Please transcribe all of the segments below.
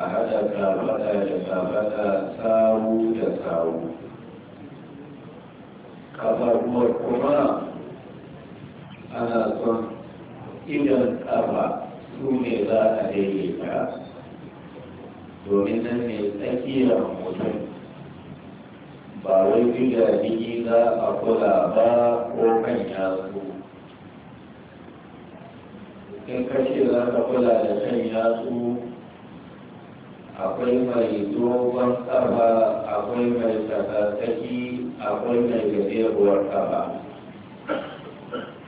a haɗa kafaɗa da kafaɗa tsaro da sawu kafaɗuwar kuma ana son idan kafa su ne za a daidaita domin nan ne tsakiyar mutum ba wai diga jini za a kula ba ko kan yatsu in kashe za ka kula da kan yatsu akwai mai dogon kaba akwai mai tsakatsaki akwai mai gajeruwar kafa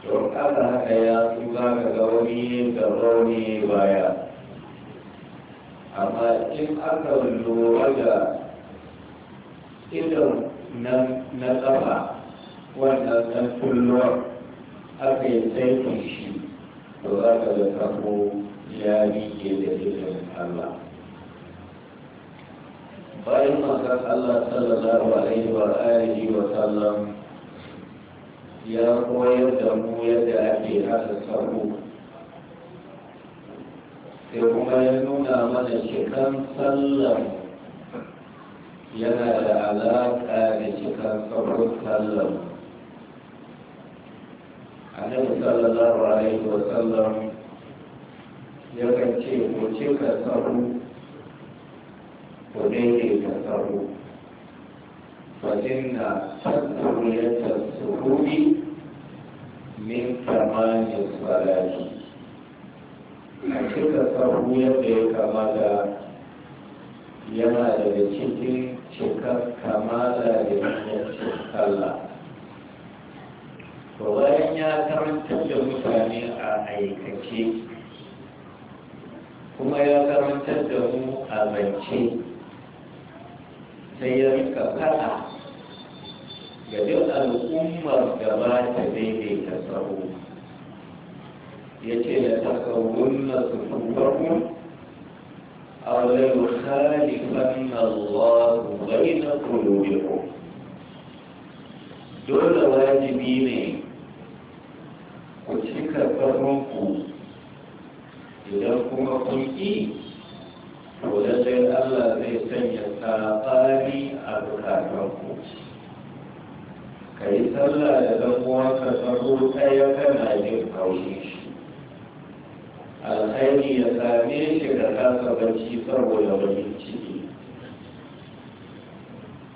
to kasa haka ya su ga gauri da rauni baya amma in aka lura da idan na tsaba wanda ɗan kullum aka yi tsaifin shi to za ka da kafo ya rike da idan Allah bayan manzon Allah sallallahu alaihi wa alihi wa sallam ya koyar da mu yadda ake hada sahu sai kuma ya nuna mana cikin sallar yana da alaƙa da cikin sabon sallam annabi sallallahu alaihi wa sallam ya kan ce ku cika sabu wanda yake tasarru فإن تسوية السهول من كمال A cikin tasarru yadda ya kamata yana daga cikin cikar kamala da yankin Allah. To bayan ya karanta da mutane a aikace, kuma ya karanta da mu a zance. sai ya rika faɗa ga duk al'ummar da ba ta daidaita tsaro ya ce da takawun na sufuwarku a wajen khalifan Allah bai na kulubiko dole wajibi ne ku cika farkonku idan kuma kun ƙi uwansa ta zo ɗaya tana jin kaushe shi alhaini ya same shi da kasa bacci saboda wani ciki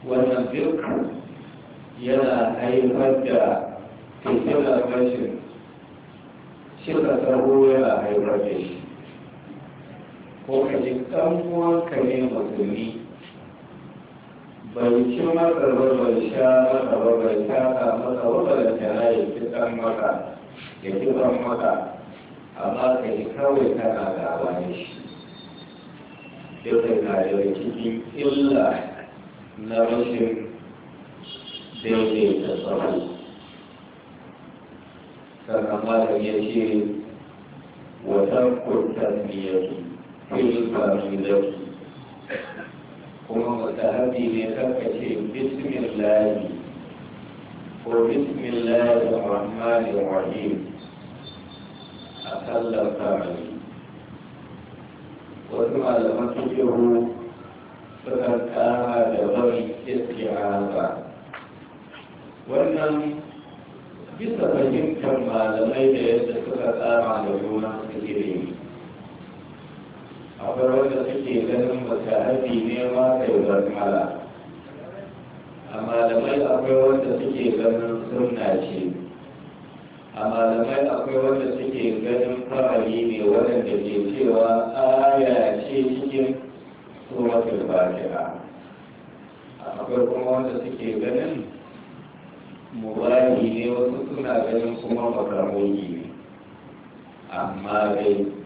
wannan duk yana haifar da fitilar rashin cika sabo yana haifar da shi ko ka ji ɗan ka ne musulmi bai ci masa ba bai sha masa ba sha taka masa ba bai tana ya fi san maka ya fi san maka amma ka yi kawai tana gaba ne shi duka na da rikicin illa na rashin daidaita sabu sannan malam ya ce wata kurtar biyar fil kamilatu وتهدي لفكتهم بسم الله وبسم الله الرحمن الرحيم أسل الكامل وثم لما تجروا فتكاها لغري استعاذا وإنا بسبب يمكن ما لم يجد فتكاها لغري akwai wanda suke ganin mutahabi ne ma ta yi yaudar mala a malamai akwai wanda suke ganin sunna ce a malamai akwai wanda suke ganin farali ne waɗanda ke cewa aya ce cikin suratul fatiha akwai kuma wanda suke ganin mubali ne wasu suna ganin kuma makamoyi ne amma dai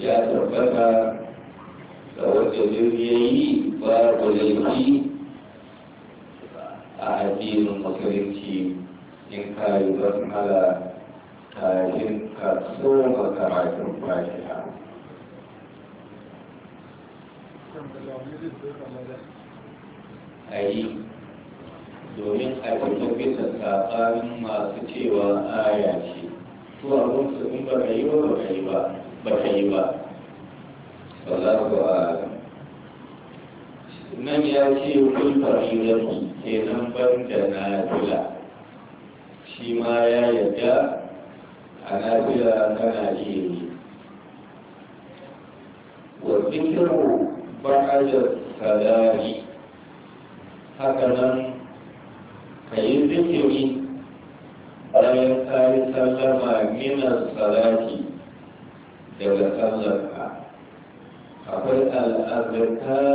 ya tabbata da wata yayi da laifi a addinin musulunci in ka yi basmala kafin ka tsoma karatun fatiha a yi domin a cikin bisa tsakanin masu cewa aya ce zuwa mun su ba ka yi ba ba ka yi ba ba yi ba wallahu a'lam nan ya ce kun ke nan ban da nafila shi ma ya yadda a nafila kana iya yi wa zikiru ba'adar salari haka nan ka yi zikiri bayan ka yi sallama gina salati daga sallarka akwai al'azirkar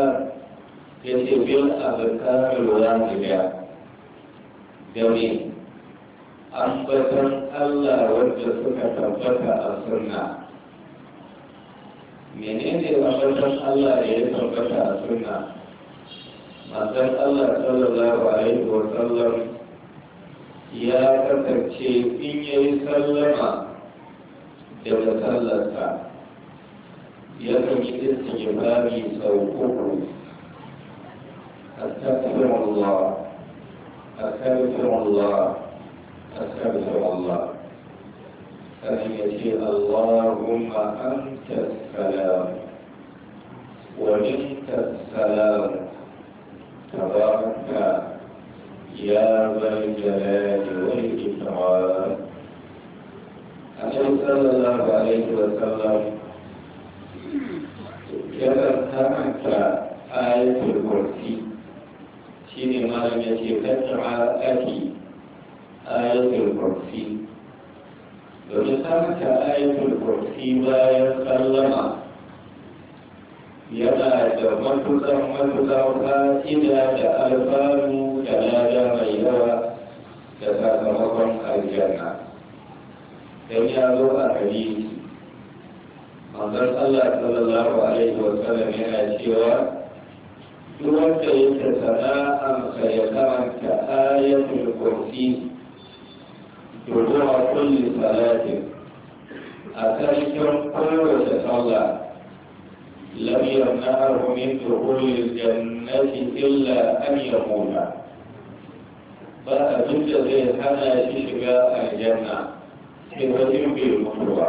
ya ce biyan azirkar wajibiya da me ambatan Allah wadda suka tabbata a sunna menene ambatan Allah da ya tabbata a sunna manzon Allah sallallahu alaihi wa sallam ya kasance in yayi sallama daga sallarsa yakan yi istighfari أستغفر الله أستغفر الله أستغفر الله أن يشيء اللهم أنت السلام ومنك السلام تبارك يا ذا الجلال والإكرام annabi sallallahu alaihi wa sallam ya karanta ayatul kursi shine malam ya ce tattara aki ayatul kursi domin karanta ayatul kursi bayan sallama yana da matuƙar matuƙar fa'ida da alfanu da lada mai yawa da sakamakon aljanna dan ya zo a hadisi manzon Allah sallallahu alaihi wa sallam yana cewa duk wanda yake sana'arsa ya karanta ayatul kursi dubuwa kulli salatin a karshen kowace sallah لم يمنعه من دخول الجنة إلا أن يموت فأجد زي حنا شجاع الجنة cikin rajin bai mutu ba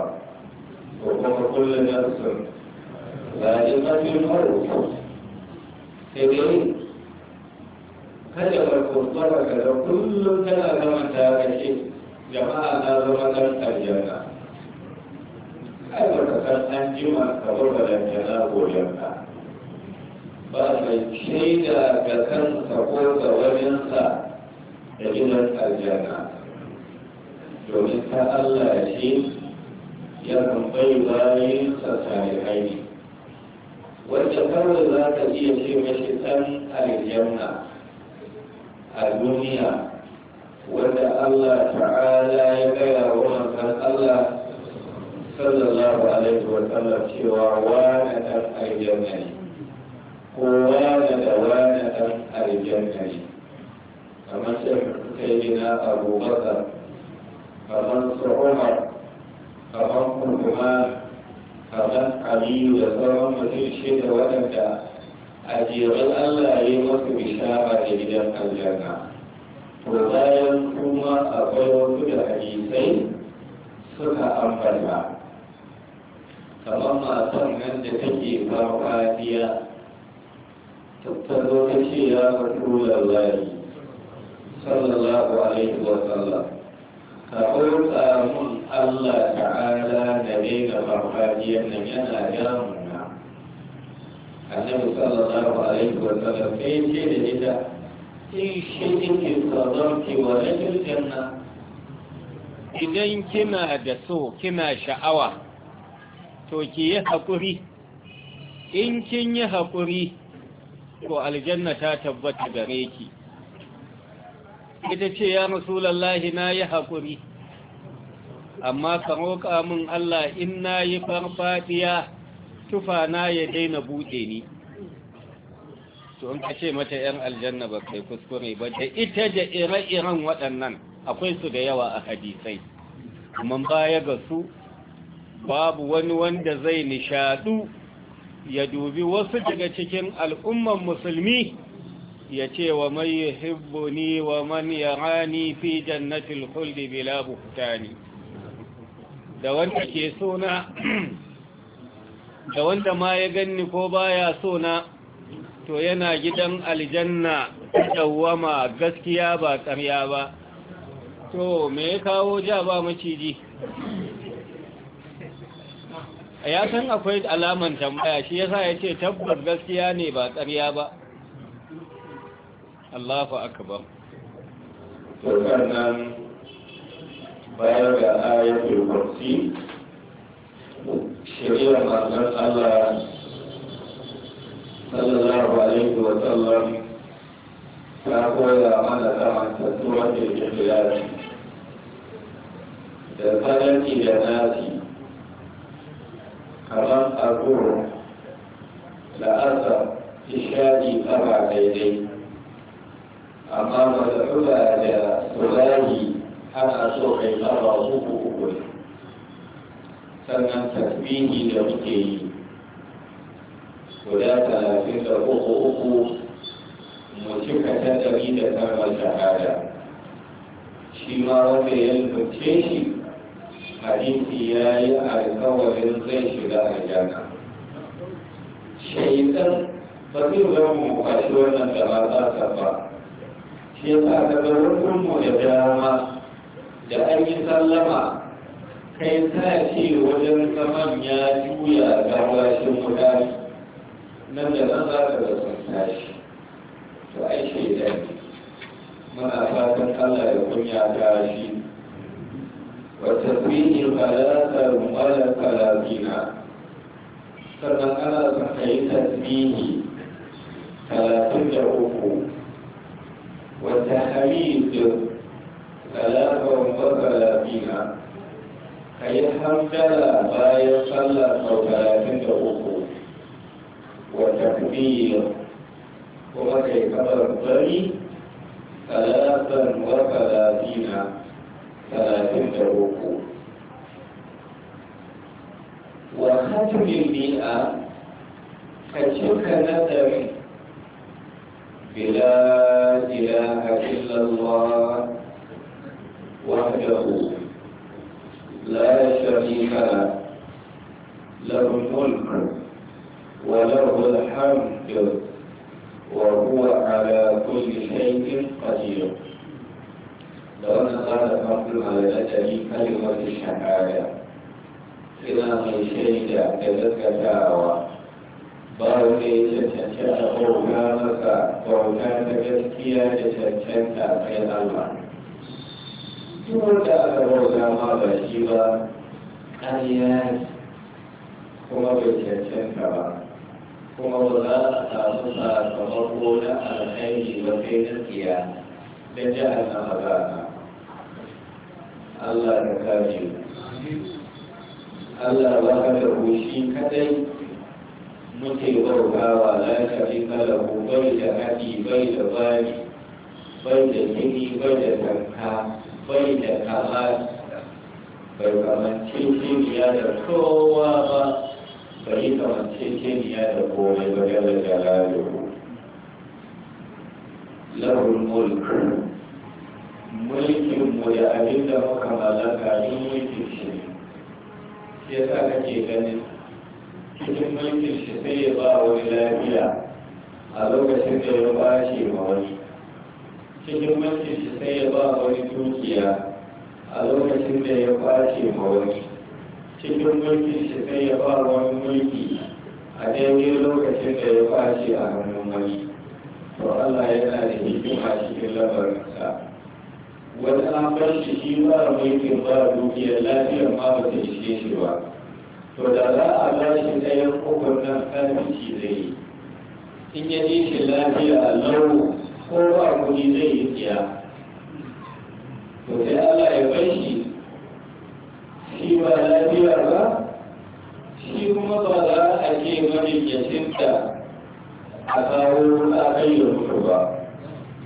ko kuma kullum na sun lajin rajin faru sai dai kada ka kuskura ka da kullum tana zama ta kashe jama'a na zama ɗan aljanna kai ba ka an jima ba mai shaida ga kansa ko domin ta Allah ce ya kamfani bayan sa tare haini wacce kawai za ka iya ce mashi ɗan aljanna a duniya wanda Allah ta'ala ya gaya wa manzon Allah sallallahu alaihi wa sallam cewa wani ɗan aljanna ne ko wani da wani ɗan aljanna ne kamar sai kai na abubakar kamar su umar kamar kuma kamar aliyu da sauran mutum ce da waɗanda a jerin allah ya masu bishara da gidan aljanna to bayan kuma akwai wasu da hadisai suka ambata kamar matan nan da take farfadiya ta zo ta ce ya rasu lallari sallallahu alaihi wa sallam ka furta mun Allah ta'ala da ne ga farfajiyar nan yana damuna annabi sallallahu alaihi wa sallam sai ce da ita in shi ki sadarki wa rajul janna idan kina da so kina sha'awa to ki yi haƙuri in kin yi haƙuri to aljanna ta tabbata gare ki ita ce ya rasulallahi na yi haƙuri amma ka roƙa min Allah in na yi farfaɗiya tufa na ya daina buɗe ni to in ka ce mata ‘yan aljanna ba kai kuskure ba da ita da ire-iren waɗannan akwai su da yawa a hadisai kuma baya ga su babu wani wanda zai nishaɗu ya dubi wasu daga cikin al'umman musulmi ya ce wa mai "Hibbo ni wa man rani fi jannatil khuldi bila buhtani da wanda ke sona da wanda ma ya ganni ko baya sona to yana gidan aljanna dawama gaskiya ba ƙarya ba to me ya kawo ja ba maciji ya san akwai alaman tambaya shi yasa ya ce tabbas gaskiya ne ba ƙarya ba Allahu akbar sannan bayar da ayatul kursi shari'ar manzon Allah sallallahu alaihi wa sallam ta koya mana kamantattuwar da ke filafi da faranti da nasi kamar agoro da asa ishadi tsaba daidai amma mal'ula da tulahi ana so kai marra uku uku ne sannan tasbihi da muke yi guda talatin da uku uku mu cika ta ɗari da kalmar shahada shi ma wanda ya lubuce shi hadisi ya yi alkawarin zai shiga aljanna shaitan ba zai zama mu kwashi wannan da ba za ta ba shi yasa daga rukunmu da dama da aiki sallama kai ta ce wajen saman ya juya gabashin mutane nan da nan za ka da sun tashi to ai shaida ne muna fatan allah ya kunya tashi wata fiye falatar mara kalabina sannan ana son ka yi tasbihi talatin da uku والتحميد ثلاثا وثلاثين أي الحمد لله لا يصلى أو ثلاثين دقوق والتكبير وما كبر الضري ثلاثا وثلاثين ثلاثين دقوق وختم البيئة كشك نذر بلا إله إلا الله وحده لا شريك له له الملك وله الحمد وهو على كل شيء قدير لو أن قال الرجل على الأجل كلمة الشهادة إلى من شهد كذلك دعوة ba wanda ya cancanci a bauta masa bauta ta gaskiya da cancanta kai Allah duk wanda aka bauta ma ba shi ba ƙarya kuma bai cancanta ba kuma ba za a samu sakamako na alkhairi ba kai gaskiya da jihar na magana Allah ka kare Allah ba ka da shi kadai muke gaugawa la sharika lahu bai da haɗi bai da bari bai da jini bai da tanka bai da kama bai kamanceceniya da kowa ba bai kamanceceniya da komai ba jala jalaluhu lahul mulku mulkin mu da abin da muka mallaka ne mulkin shi ya sa kake ganin cikin mulkin shi sai ya ba wani lafiya a lokacin da ya ba shi ma wani cikin mulkin shi sai ya ba wani dukiya a lokacin da ya ba shi ma wani cikin mulkin shi sai ya ba wani mulki a daidai lokacin da ya ba shi a hannun wani to Allah yana da hikima cikin sa, wani an bar shi shi ba mulkin ba dukiyar lafiyar ma ba ta ishe shi ba to da za a bashi ɗayan ukun nan kafirci zai yi in ya ji shi lafiya a lau ko ba kuɗi zai yi tsiya to sai Allah ya bai shi shi ba lafiya ba shi kuma ba za a ce marikinta a kawo a kai da mutu ba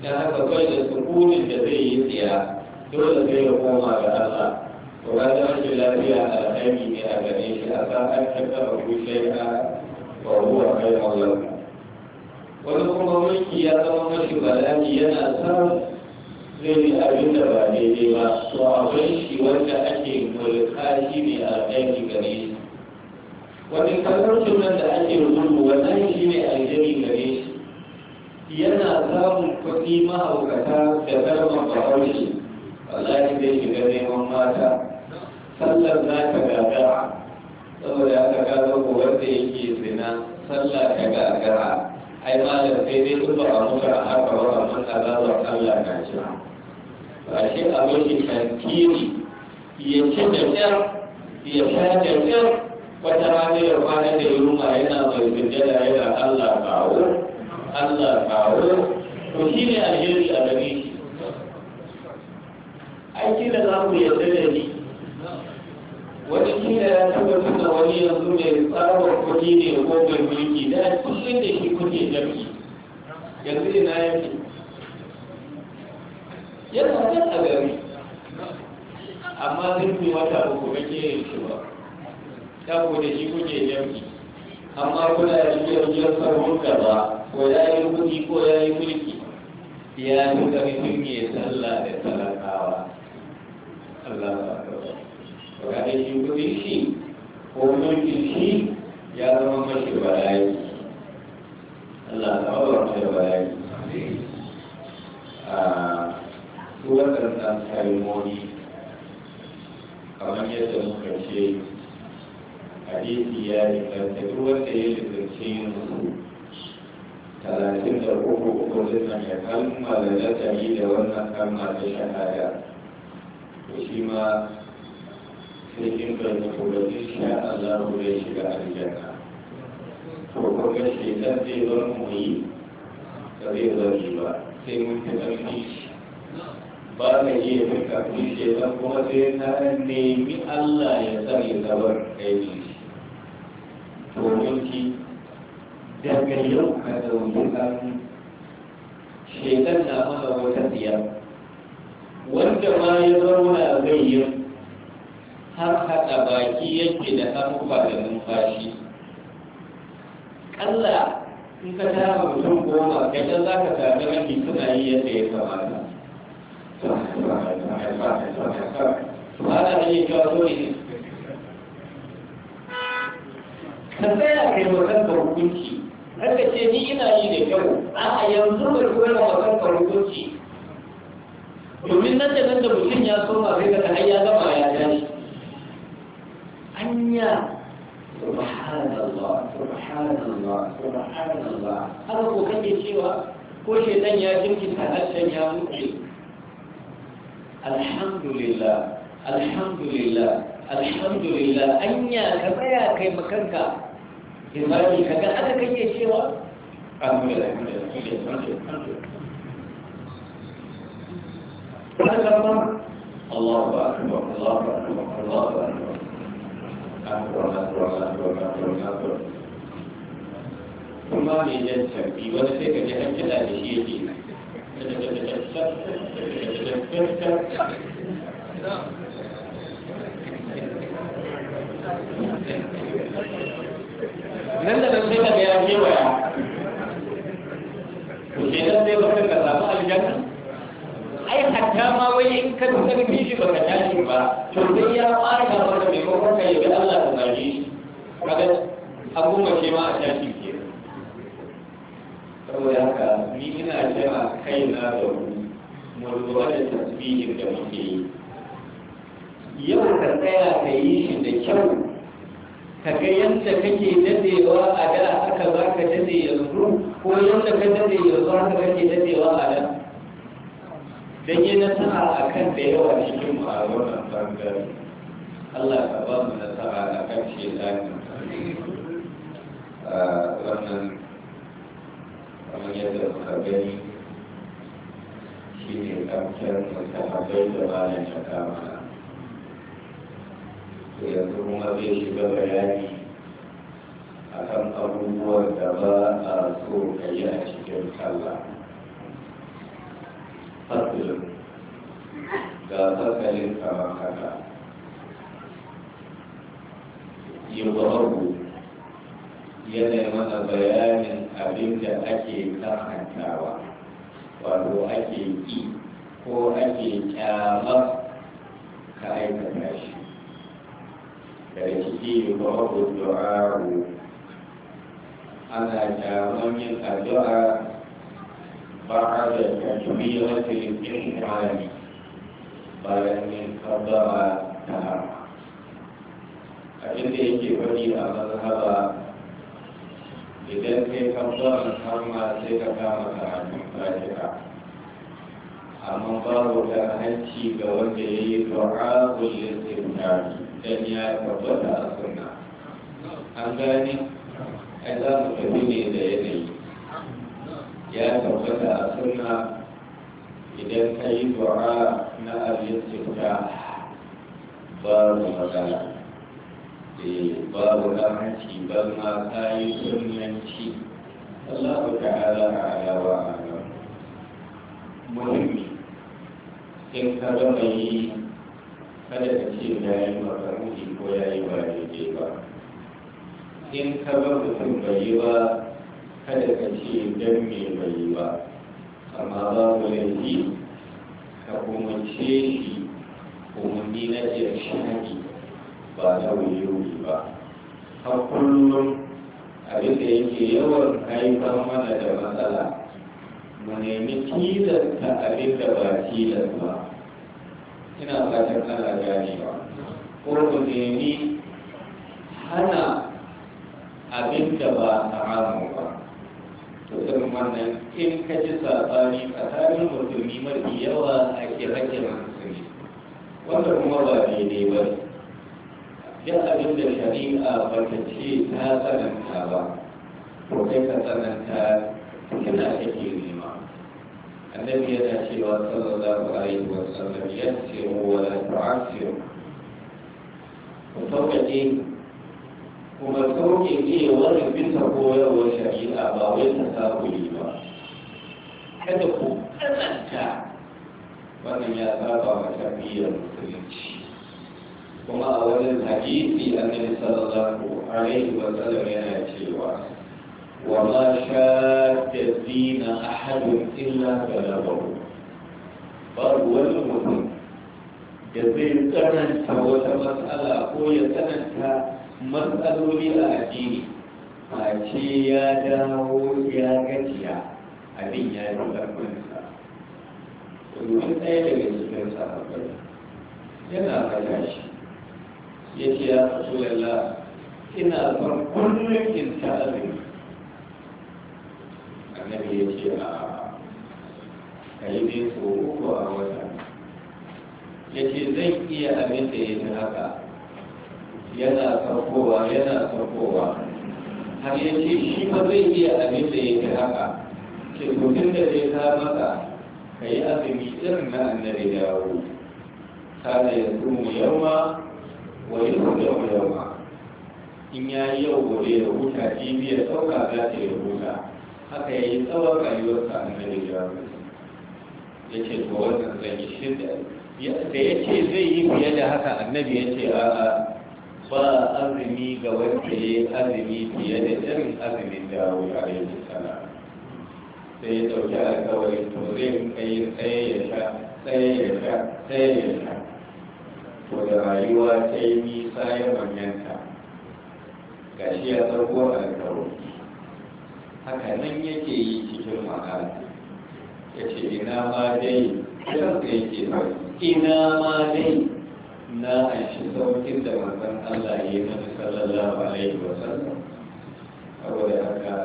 ta haka bai da sukunin da zai yi tsiya dole sai ya koma ga Allah وهذا رجل الذي أتاني بأبنيه أتاها كتبه شيئا وهو خير له ولكم منك يا ترى بلاني يا أساس zai abin da ba daidai ba to akwai shi wanda ake mulka shi ne a aiki gare wani kalmar sunan da ake rubutu wannan shi ne aljani gare yana samun kuɗi mahaukata da kalmar bahaushe wallahi shiga neman mata sallar za ka gagara saboda haka ka zago da yake zina sallar ka gagara ai malam sai dai in ba a muka a haka ba a maka za zuwa sallah na jira ba shi a mashi kankiri ya ci da ƙyar ya sha da ƙyar wata rana ya kwana da yunwa yana mai sujjada yana allah kawo allah kawo to shi ne alheri a gare shi aiki da za mu yarda da ni wani kila ya taba nuna wani yanzu mai tsabar kuɗi ne ko mai mulki da ya kullum da shi kuɗi jami'i yanzu ina yake yana nan a gari amma zirfi wata uku kake yin shi ba ta da shi kuke jami'i amma kuna da shi yanzu sarwun ba ko ya yi kuɗi ko ya yi mulki ya yi ƙarfin ya sallah da sallah nan da nan sai ka ga ya kewaya sai ba ka samu aljanna ai hatta ma wai in ka baka tashi ba to sai ya fara ka maka maimakon ka yi ga yadda kake dadewa a da haka za ka dade yanzu ko yadda ka dade yanzu haka kake dadewa a da dan yi nasara a kan da yawa cikin mu a wannan bangare Allah ka ba mu nasara a kan shi lafiya wannan kamar yadda muka gani shi ne kamfiyar mutahabai da bayan ta kama yanzu kuma zai shiga bayani kan abubuwan da ba a so ka yi a cikin kalla. fasilin ga fasalin kamar haka yi babu yana mana bayanin abin da ake karantawa wato ake ki ko ake kyama ka aikata shi da ciki babu du'a'u ana gyaran yin addu'a ba da tajbiratul ihrami bayan yin kabbara ta harma abin da yake faɗi a mazhaba idan kai kabbaran harma sai ka kama karatun fatiha amma babu da hanci ga wanda ya yi du'a kullum sai dan ya tabbata a sunna an gane ai za mu tafi ne da yanayi ya tabbata a suna idan ka yi du'a na abin babu magana eh, babu lahanci ba ma ka yi sunanci Allah ta'ala a alawa a nan muhimmi in ka zama yi kada ka ce ya yi makaruni ko ya yi ba daidai ba in ka bar mutum bai yi ba kada ka ce dan me bai yi ba amma ba mu laifi ka umarce shi umarni na irshadi ba na wuyuri ba har kullum abin da yake yawan haifar mana da matsala mu nemi tilasta abin da ba tilas ba ina fatan ana ba. ko mu nemi hana abin da ba haramu ba to irin wannan in ka ji sabani tsakanin musulmi mafi yawa a kira-kiran musulmi wanda kuma ba daidai ba duk abin da shari'a ba ta ce ta tsananta ba to kai ka tsananta kina kake nema annabi yana cewa sallallahu alaihi wa sallam yassiru wa la tu'assiru ku sauƙaƙe kuma sauƙin iya wani bisa koyarwar shari'a ba wai ta sabuli ba kada ku kananta wannan ya saba wa shari'ar musulunci kuma a wani hadisi an yi sallallahu alaihi wa sallam yana cewa wa ma sha ta zina a hadin illa ga galabahu babu wani mutum da zai tsananta wata matsala ko ya tsananta matsaloli a addini a ce ya dawo ya gajiya abin ya yi ƙarfinsa domin ɗaya daga cikin sahabbai yana faɗa shi ya ce ya fasu lalla ina son kullum in ta azumi annabi ya ce a kayi ne ko uku a wata ya ce zan iya abin da ya haka yana saukowa yana saukowa har ya ce shi ba zai iya abin da yake haka ke kudin da zai ta maka ka yi azumi irin na annabi dawo da ya tsumu yauma wa yi tsumu yauma in ya yi yau gobe da huta jibi ya sauka za ta yi huta haka ya yi tsawon rayuwarsa annabi dawo ya ce to wannan zai shi da ya ce zai yi fiye da haka annabi ya ce a'a ba azumi ga wanda ya azumi fiye da irin azumin dawo a yanzu sana sai ya dauki alkawari to zai yi yin tsaye ya sha tsaye ya sha tsaye ya sha to da rayuwa ta yi nisa ya manyanta ga shi ya tsarko alkawari haka nan yake yi cikin ma'ana ya ce ina ma dai ina ma dai na aishi saukin da manzon Allah ya yi mana sallallahu alaihi wa sallam saboda haka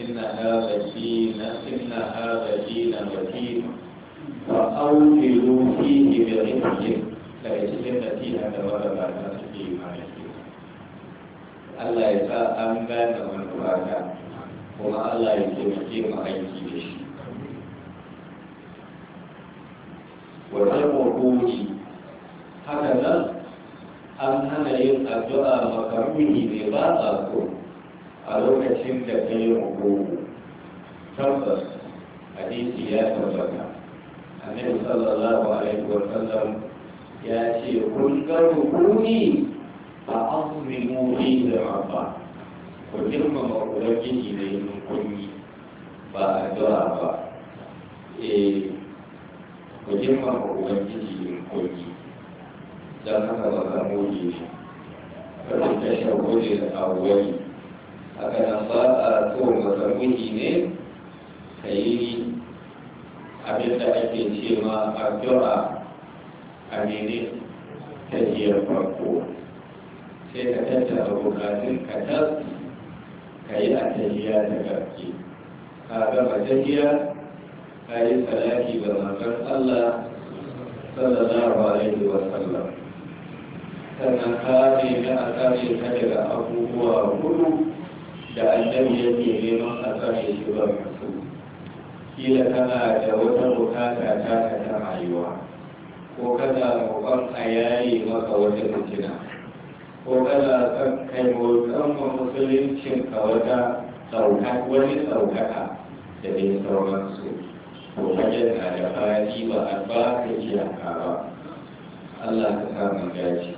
inna hadha dina inna hadha dina matin fa awfiru fihi bi rizqin da cikin nasiha da wanda ba ta suke yi ma Allah ya sa an gane manufata kuma Allah ya taimake mu aiki da shi wa tarbo ruhi haka nan an hana yin addu'a makaruni mai ba a so a lokacin da ta yi rubu tabbas hadisi ya tabbata annabi sallallahu alaihi wa sallam ya ce kun ga rubuni fa azimu fi rabba ku girmama ubangiji da yin kunyi ba a addu'a ba eh ku girmama ubangiji yin kunyi don haka ba ka goge shi rashin tashar goge da awuwai haka na ba a so makaruni ne ka yi abin da ake ce ma addu'a a mene ta jiyar farko sai ka da bukatun ka tas ka yi a tajiya da gaske ka ta tajiya ka yi salati ga manzon Allah sallallahu alaihi wasallam sannan kare ta a kare ta daga abubuwa hudu da annabi ke neman a kare shi ba su kila kana da wata bukata ta ka ta rayuwa ko kana roƙon a yayi maka wata fitina ko kana son kai roƙon ma musuluncin ka wata wani ɗaukaka da dai sauransu to hajjar na da fadi ba a ba ka iyaka ba Allah ka samu dace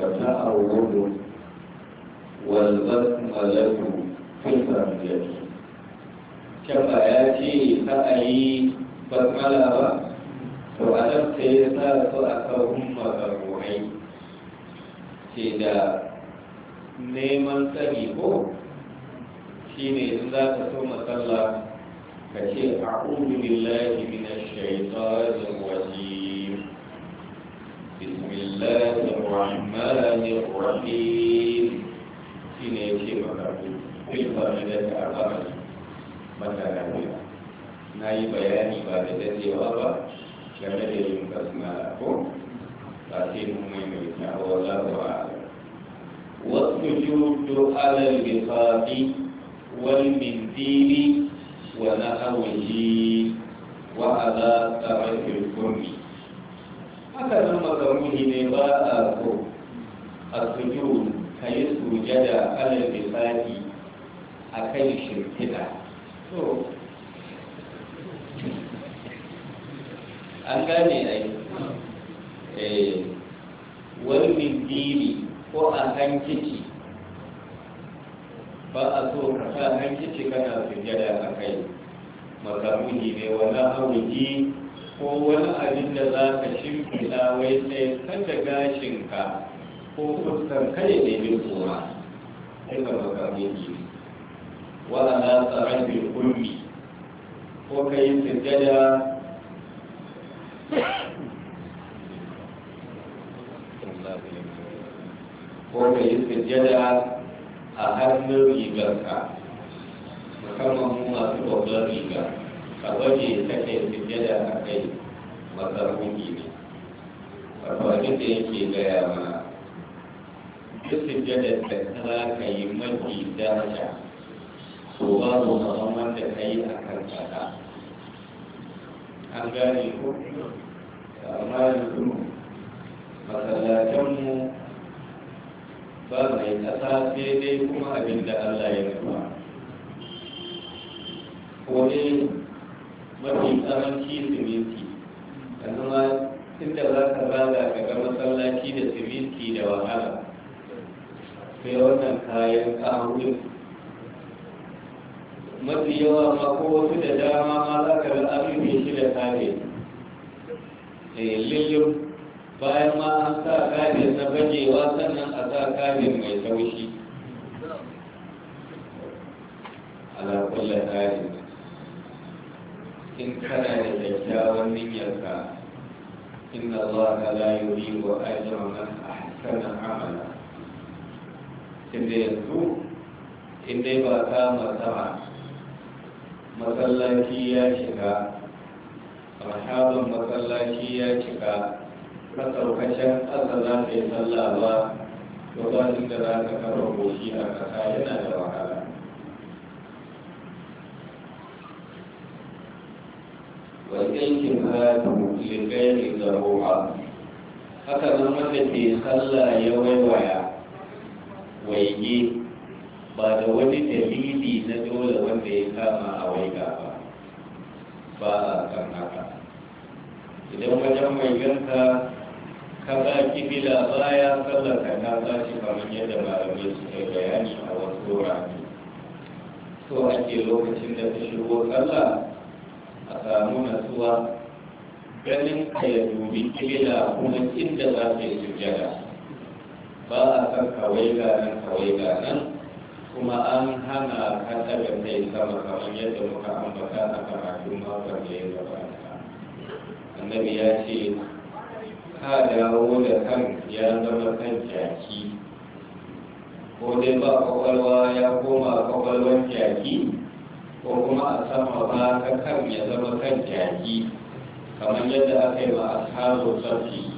فتعود والبسم له كفر يده كفى ياتي فأي بسملة بقى وأدب سيسا سأكهم مغروعي سيدا neman sani ko shi ne in za ka so matsala ka ce a ƙudu lillahi min shaitan da بسم الله الرحمن الرحيم شين يشي مكافي كيف بدأت أعلمت متى نعمل ناي بياني بعد ذلك وابا كما يجب أسماء لكم لكن من يتعب الله أعلم والسجود على البخاق والمنزيل ونحوه وعلى ترك الكرسي haka nan makaruni ne ba a so a suju ka yi da alal misali a kan shirkida so an gane ai eh, wani dili ko a hankici ba a so ka sa hankici kana da a kai makaruni ne wani hauki ko wani abin da za ka shimfiɗa wai sai kan da gashinka ko kusan kai ne bin kuma sai ka baka miki wala na tsaron bin kulmi ko ka yi sujjada ko ka yi sujjada a hannun rigarka musamman mu masu babbar rigarka ka bari ka ce sujjada a kai masarhuki ne wato abin da yake gaya ma duk sujjada da za ka yi mafi daraja to babu musamman da ka yi a kan kasa an gane ko amma yanzu masallatanmu ba mai kasa sai dai kuma abin da allah ya nufa ko dai mafi karanci siminti yanzu ma inda za ka zaga ka ga masallaci da siminti da wahala sai wannan kayan ƙahurin mafi yawa ma ko wasu da dama ma za ka ga amince shi da kare eh, lillin bayan ma an sa kare na bajewa sannan a sa kare mai taushi ala kulla kare in kana da kyakkyawan niyyarka inna allaha la yudhi'u ajra man ahsana amala tunda yanzu in dai ba ta masama masallaci ya shiga rahaban masallaci ya shiga ka saukacin ƙasa za ka yi sallah ba to ba inda za ka karo goshi a ƙasa yana da wahala hatu li da daru'a haka nan wanda ke sallah ya waiwaya waige ba da wani dalili na dole wanda ya kama a waiga ba ba a kan idan wajen mai ganta ka ba bila baya sallar ka ta tashi kamar yadda malamai suke bayani a wasu wurare so ake lokacin da ta shigo sallah a samu nasuwa ganin ka ya dubi kila kuma inda za ka yi sujjada ba a kan kawai ga nan kawai ga nan kuma an hana ka daga kai sama kamar yadda muka ambata a karatun makon da ya gabata annabi ya ce ka dawo da kan ya zama kan jaki ko dai ba kwakwalwa ya koma kwakwalwan jaki ko kuma a sama ba ka kan ya zama kan jaki kamar yadda aka yi wa ashabu sarki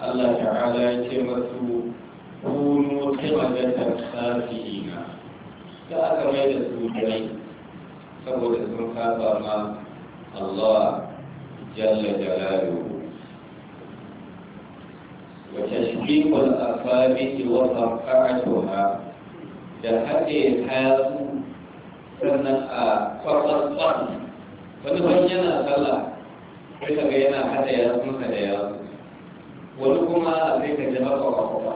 Allah ta'ala ya ce masu kunu kimadatar na ta aka mai da su dai saboda sun saba ma Allah jalla jalaluhu وتشبيك الأصابع وفرقعتها كهدي الحاق sannan a kwakwar tsan wani wani yana sallah sai ka ga yana hada yatsunsa da yatsu wani kuma sai ka ji haka kwakwa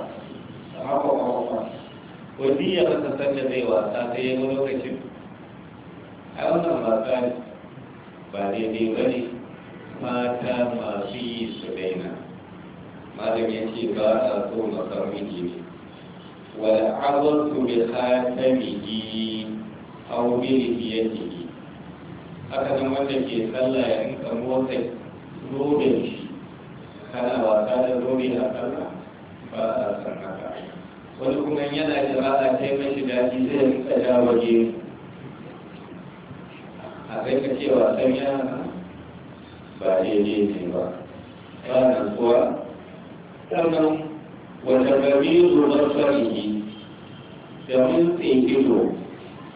haka kwakwa wani ya rasa sanda zai wasa sai ya lokacin a wannan wasa ne ba daidai ba ne mata masu yi su daina malam ya ce ba a so masarmiki ne wal'awarsu bi khatamiki aw bi yadihi haka nan wanda ke sallah ya rinka motsa robin shi kana wasa da robin a sallah ba a san haka wani kuma yana da ba a kai mashi daji zai rinka ja waje a kai ka ce wasan yana ba daidai ne ba ba na kuwa sannan wata gari zuwa sarihi da mun tsinki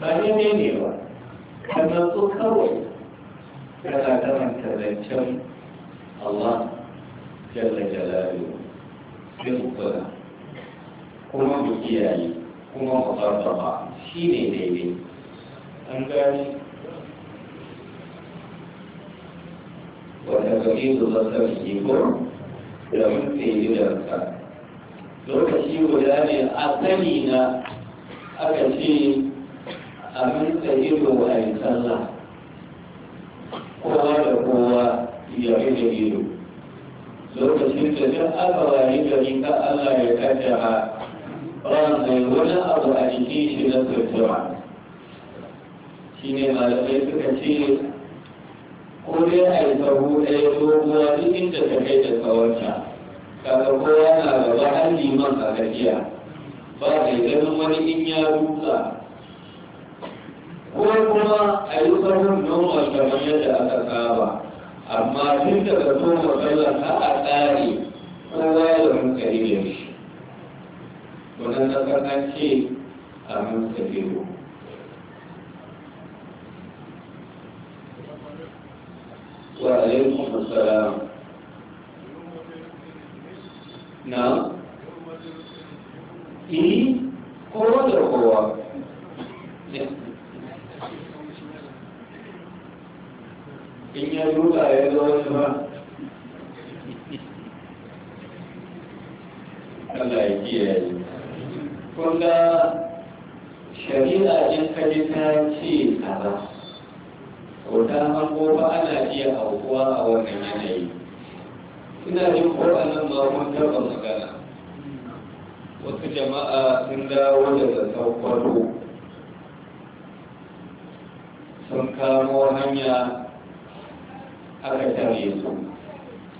ba daidai ne ba ka natsu kawai kana karanta zancen Allah jalla jalalu bin kula kuma mu kiyaye kuma mu farfaba shi ne daidai an gani wata gari da zata yi ko da mun tsaye da ka lokaci guda ne a sani na aka ce abin da ido a yi sallah kowa da kowa ya fi da ido lokacin da duk aka da gari ka Allah ya kaddara ran mai wani abu a cikin shi na sutura shi ne malamai suka ce ko dai a yi sahu ɗaya doguwa duk inda ta kai da tsawonta kaga kowa na gaba har liman a gajiya ba mai ganin wani in ya rusa ko kuma a yi sahun normal kamar yadda aka saba amma duk da ka so matsalar ka a tsari kowa da hankali da shi wannan na kasance a hankali ko وعليكم السلام na إيه da kowa. ya duka ya zo wasu ba Allah ya kiyaye kunga shari'a in ka ji ta ce tsara. ko ta hango ba ana iya aukuwa a wannan yanayi ina jin ƙoƙarin ba mun taɓa magana wasu jama'a sun dawo da daga sauƙwato sun kamo hanya aka tare su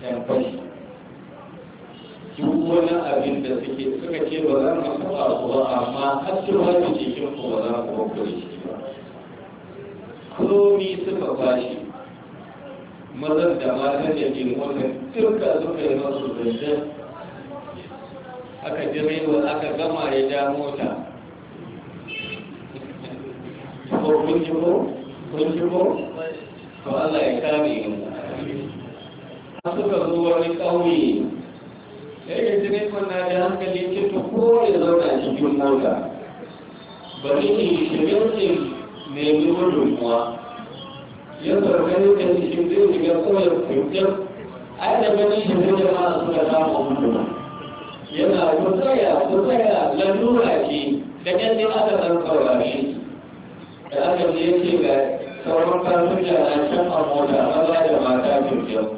yan fashi duk wani abin da suke suka ce ba za mu taɓa ku ba amma asirin wani cikin ku ba za ku ba shi ba komi suka fashi mazan da matan da ke wannan turka suka yi masu zancen aka jirewa aka gama ya ja mota ko kun ji ko kun ji ko to Allah ya kame mu suka zo wani ƙauye ya yi na da hankali ce to ya zauna cikin mota bari ne shirin in nemi gudunmuwa ya zargani da cikin zai shiga kawai kyautar ai da gani shirin da ma suka samu mutuwa. yana kusaya kusaya lalura ce da yanni aka san saurari da aka ce ga sauran fasinja na can a mota maza da mata kyautar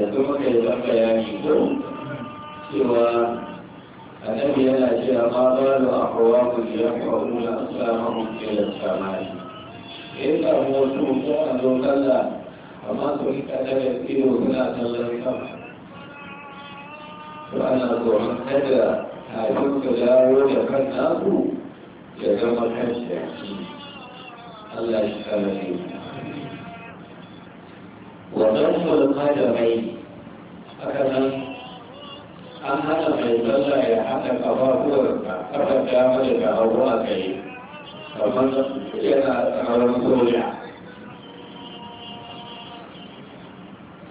yanzu muka yi ɗan bayani don cewa annabi yana cewa ma ba da akwawa ku ji yan faru na asalama muke da samari ya samu wasu mutum a zo kalla amma su yi kada da tsiro suna kallon sama to ana tsoron kada kafin su dawo da kan nasu ya zama kan shaki Allah shi kare ne waɗansu alƙadamai haka nan an hana mai tsalla ya haɗa ƙafafuwar ƙafar dama da ta hagu a kai kamar yana tsaron soja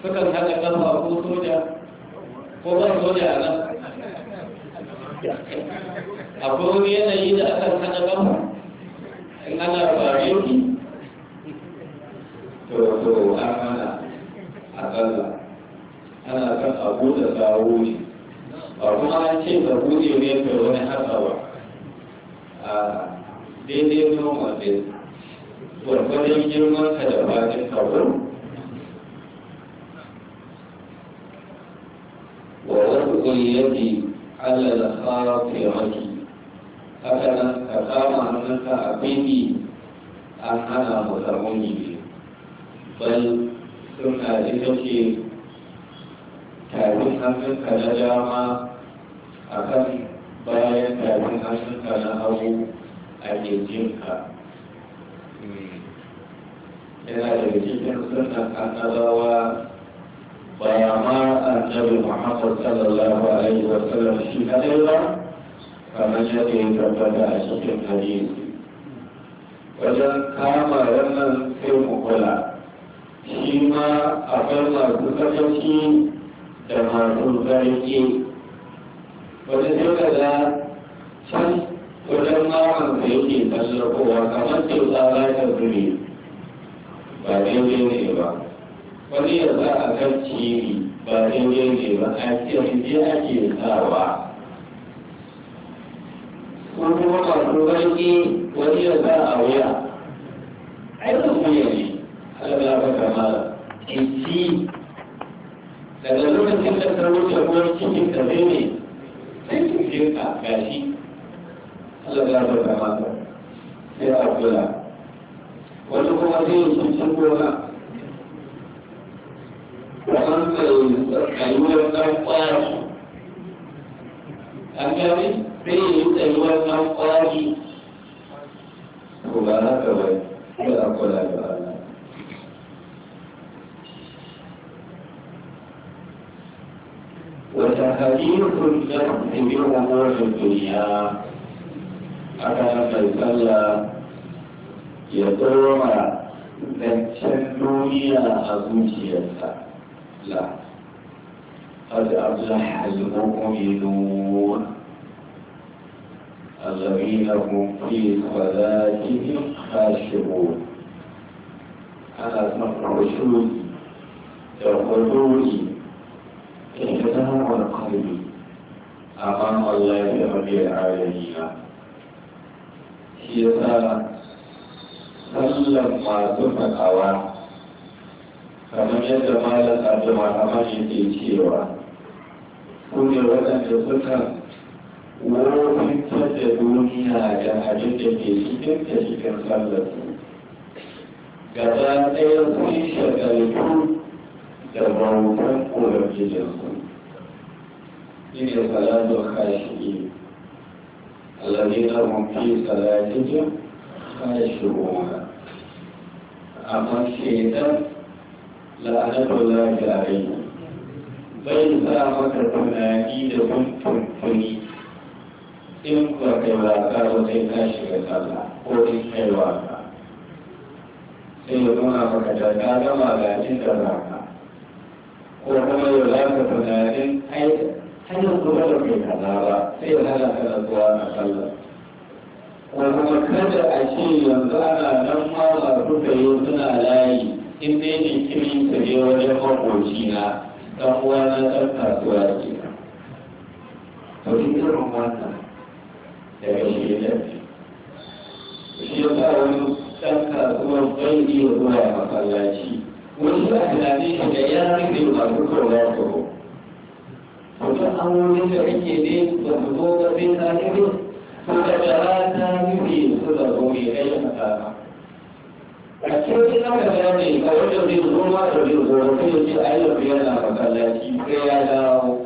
sukan haɗa ƙafafu soja ko ba soja a nan akwai wani yanayi da aka hana ƙafa in ana faruwa to to an hana aƙalla ana kan abu da tsaro ne ba kuma an ce da buɗe ne ka wani haka ba a daidai nan wanda gwargwadon girman ka da bakin kawo wa wasu ƙuliyyaji alal hafi maki haka nan ka kama hannunka a bindi an hana mu ne yi suna ita ce tafin hannunka na dama a kan bayan tafin hannunka na hagu a ƙirƙirka. yana da cikin sunan annabawa baya ma annabi muhammad sallallahu alaihi wa sallam shi na ba kamar yadda ya tabbata a cikin hadisi wajen kama wannan sai mu kula shi ma a kan masu kasance da masu zarki wajen yau da can wajen mawa da yake tallafowa kamar kyauta za zaka zuri ba daidai ne ba wani ya za a kan ciri ba daidai ne ba a cikin ake sawa ko kuma masu zarki wani ya za a wuya a yi ne Allah ba ka ma kici daga lokacin da ta wuce kuma cikin ta zai ne sai cikin ka gashi Allah ba ka sai a kula wani kuma zai yi cikin gona kamar tsayuwar ɗan ƙwari an gani sai yi tsayuwar ɗan ƙwari ko ba haka bai ba a kula ba وتحريك الفتح من أمور الدنيا أكان فيصلى يدور zancen duniya a zuciyarsa لا قد أفلح المؤمنون الذين هم في صلاتهم خاشعون أنا أسمع الرشود يقولون السلام القلبي أمام الله رب العالمين shi yasa sallar masu fakawa kamar yadda malam abdul mahamman yake cewa ku ne waɗanda suka wofintar da duniya da da ke da cikin su gaba ɗaya da shine salatu khashi'in alladhina hum fi salatihim khashi'un amma shaitan la'anatullah alayhi bai a maka tunani da tuntuntuni in ba kai ba ka sai ka shiga sallah ko in kai ba ka sai ya nuna maka da ka gama ga cin da ko kuma yau za ka tunanin ai hanyar kuma da mai kaza ba sai yana da kana zuwa na sallah ko kuma kada a ce yanzu ana nan ma masu sayo suna layi in dai ne kirin ka je wajen makoci na dan uwa na dan kasuwa ke to duk irin wannan daga shi ne shi ya sa wani ɗan kasuwar bai iya zuwa masallaci wani ba a tunanin shi da ya rage masu kowa kowa wasu amomin da kake ne da su zo ƙarfin ɗalibi su da shara ta nufi su da zoye ɗaya a ƙasa a cikin aka gane a wajen zai zo ma da zai zo wata ya ce a yi da biyar na makallaci sai ya dawo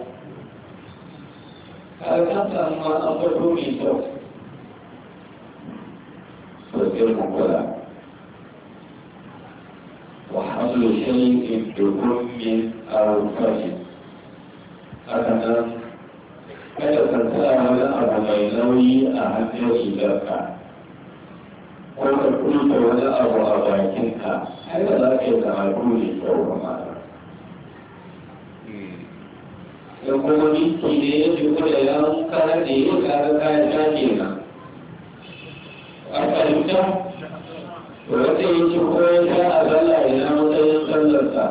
a kan samu ma an farko mai kyau sosai kukula وحمل شيء بكم أو فهم haka nan kada ka sa wani abu mai nauyi a hannun shigarka ko ka kulta wani abu a bakinka haka za ka yi karatu mai kyau ba mata don hmm. kuma jiki ne ya shigo da yawon kara da ya kara kayan shaƙe na a fahimta wata ya ci ko ya sha a zalla ina matsayin sallarsa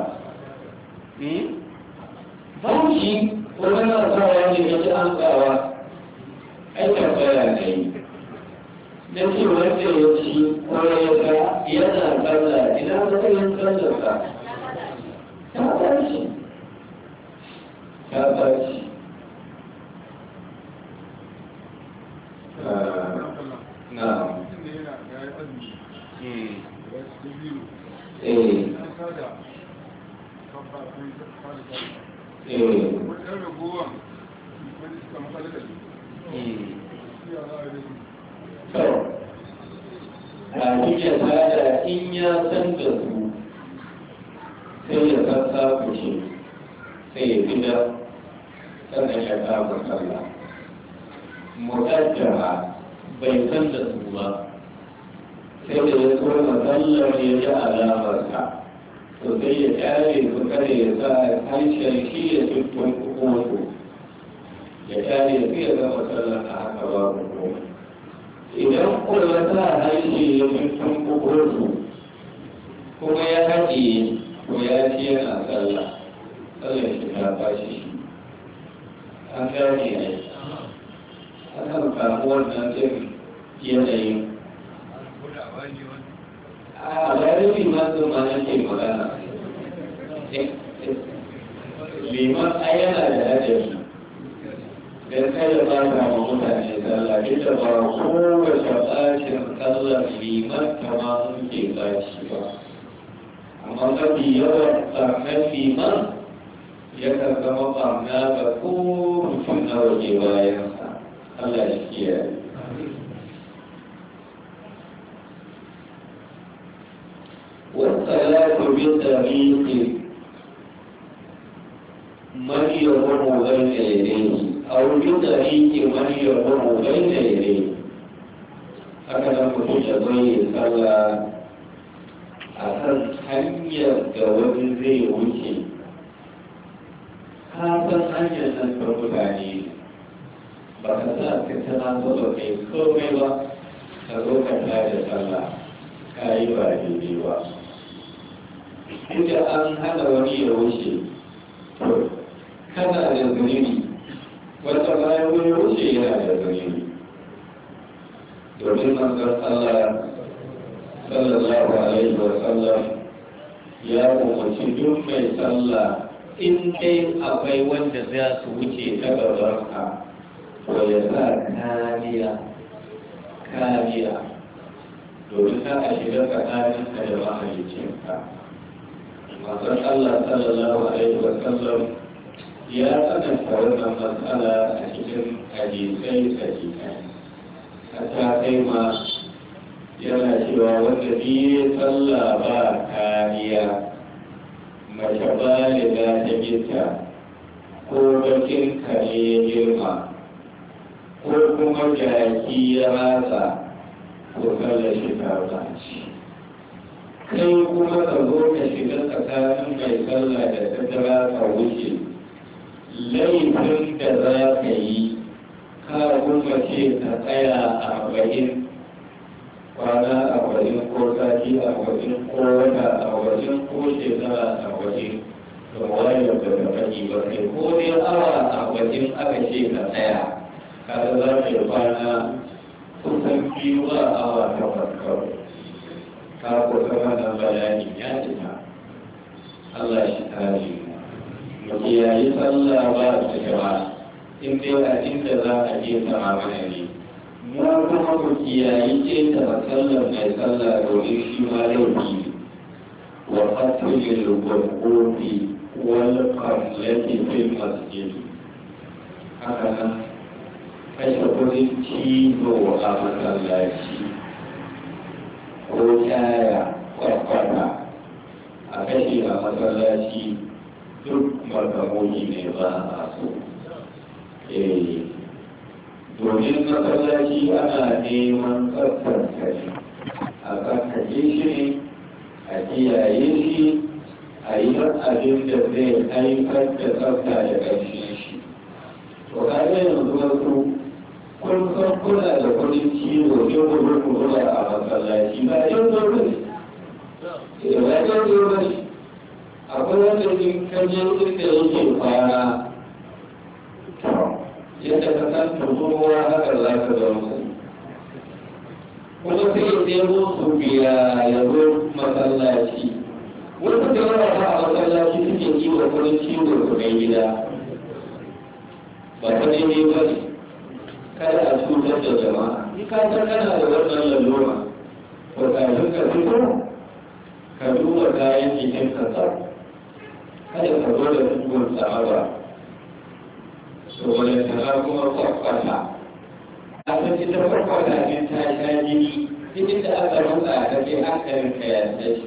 hmm? ba shi kuma na sawa ne ya ji an tsawa ai tambaya na da na wanda ya ci ko ya ga yana tsalla ina zai yin tsallarsa ta ɓaci ta ɓaci na tsala ku bi tsamiki mariya wani wani ne ne a da wani tsamiki mariya wani wani ne ne haka nan ku fi shagoyi tsalla a kan hanyar da wani zai wuce ka san hanyar nan ka guda ne ba ka sa ka tana zuwa kai kome ba ka zo ka tsaya da tsalla ka yi ba daidai ba inda an hana wani da wuce kana da zunubi wata bayan wani wuce yana da zunubi domin manzon Allah sallallahu alaihi wa sallam ya umarci duk mai sallah in dai akwai wanda za su wuce ta gabarka to ya sa kariya kariya domin ta a shiga tsakaninka da mahaliccinka manzon Allah sallallahu alaihi wa sallam ya tsananta wannan matsala a cikin hadisai sahihai hatta kai ma yana cewa wanda bi sallah ba kariya mace ba da ta gita ko bakin kare girma ko kuma jaki ya rasa ko kallon shi ta sai kuma ka zo ka shiga tsakanin mai sallah da tara ka wuce laifin da za ka yi ka kuma ce ka tsaya a bayin kwana a bayin ko sati a bayin ko wata a bayin ko shekara a bayin da wani da ba faɗi ba sai ko ne awa a bayin aka ce ka tsaya ka za ka yi kwana kusan biyu ba awa ta kawai ta ko ta wannan bayani ya cika Allah shi ta kare mu mu yayi sallah ba ta gaba in dai a inda za a je ta ma magana ne mu kuma ku kiyayi ce ta sallar mai sallah domin shi ma laifi wa fatilil gurbi wal qamlati fil masjid haka nan kashe kudin cizo a masallaci ko shaya kwarkwata a kashe a masallaci duk makamoni ne ba a so eh, domin masallaci ana neman tsaftarka shi a tsaftace shi ne a kiyaye shi a yi abin da zai haifar da tsafta da ƙarshen shi to kaga yanzu wasu kun kuna da kudin kiwo yau da muku a masallaci Na yau da ne ba yau da wuri ne akwai wanda in kaje inda yake kwana yadda ka san haka za ka zama kuma sai ya nemo su biya ya zo masallaci wani da yawa ba a masallaci suke kiwo kudin kiwo su mai gida ba ta daidai ba ne kada a cutar da jama'a ni ka san kana da wannan lalura ko kafin ka fito ka duba kayan jikin ka sa kada ka zo da dubban sa'aba so wala ta kuma kwakwata a san ita kwakwata ne ta sha jini cikin da aka rutsa ka je hankalin ka ya tashi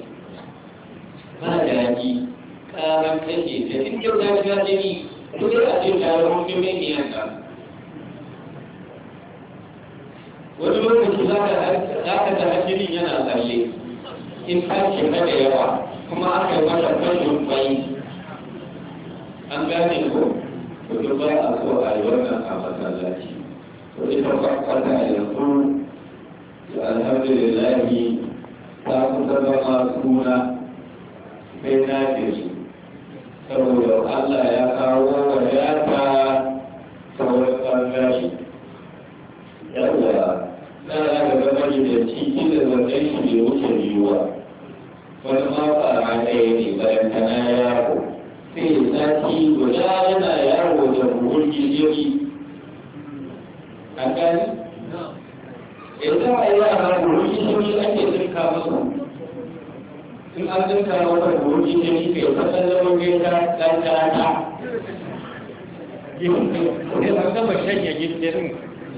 ba daɗi ƙaran kashe ta in kyau ta sha jini duk da a ce ta rufe mai ne yanka wani lokaci za ka da hajjiri yana tsalle in tashi na da yawa kuma aka yi masa fashin bai an gane ko to ba a so a yi wannan a masallaci to ita kwakwata yanzu da alhamdulillahi ta kusa zama suna sai na ce saboda Allah ya kawo wadata ta wani ɓangare yadda nan aka gaba shi da ci da zargai shi bai wuce biyuwa wani ma a ɗaya ne bayan kana yaro sai sati wata yana yaro da buhun gijiri a ya yanzu a yara buhun gijiri ake dinka musu in an dinka wata buhun gijiri kai kasan zama gaisa ɗan ƙarata. Yau, sai an gama shanya gijirin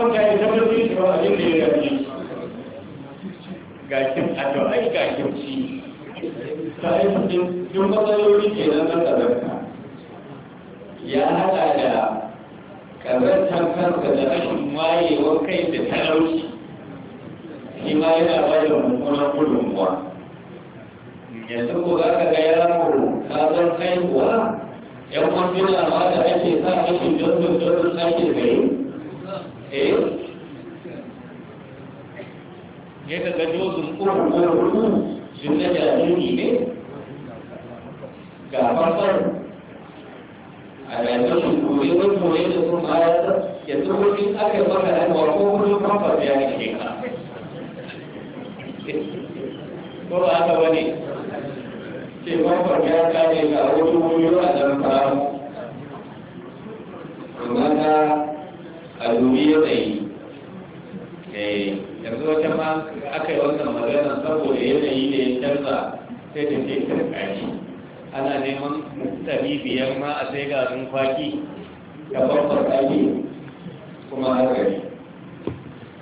wanda ya tabbatar shi ba abin da ya rabe gashin a to ai gashin shi ta yi cikin duk matsaloli ke nan na tsararka ya haɗa da ƙazantar kansa da rashin wayewar kai da talauci shi ma yana bayar mummunan gudunmuwa yanzu ko za ka ga yaro sabon haihuwa yan kwanfina ma da ake sa ake jirgin jirgin sake gari eh ne ka ga jozun uku uku jinna ne ga farfar a yanzu koyi wani koyi da sun bayar yanzu wani aka maka da kuwa ko wani farfar ya ne ka ko ba haka ba ce farfar ya kare ga wani wuri a nan fara. Mata a dubi yanayi eh, yanzu wata ma aka yi wannan magana saboda yanayi ne ya canza sai da ce karkashi ana neman tabi biyar ma a sai garin kwaki da babbar kwaki kuma harkari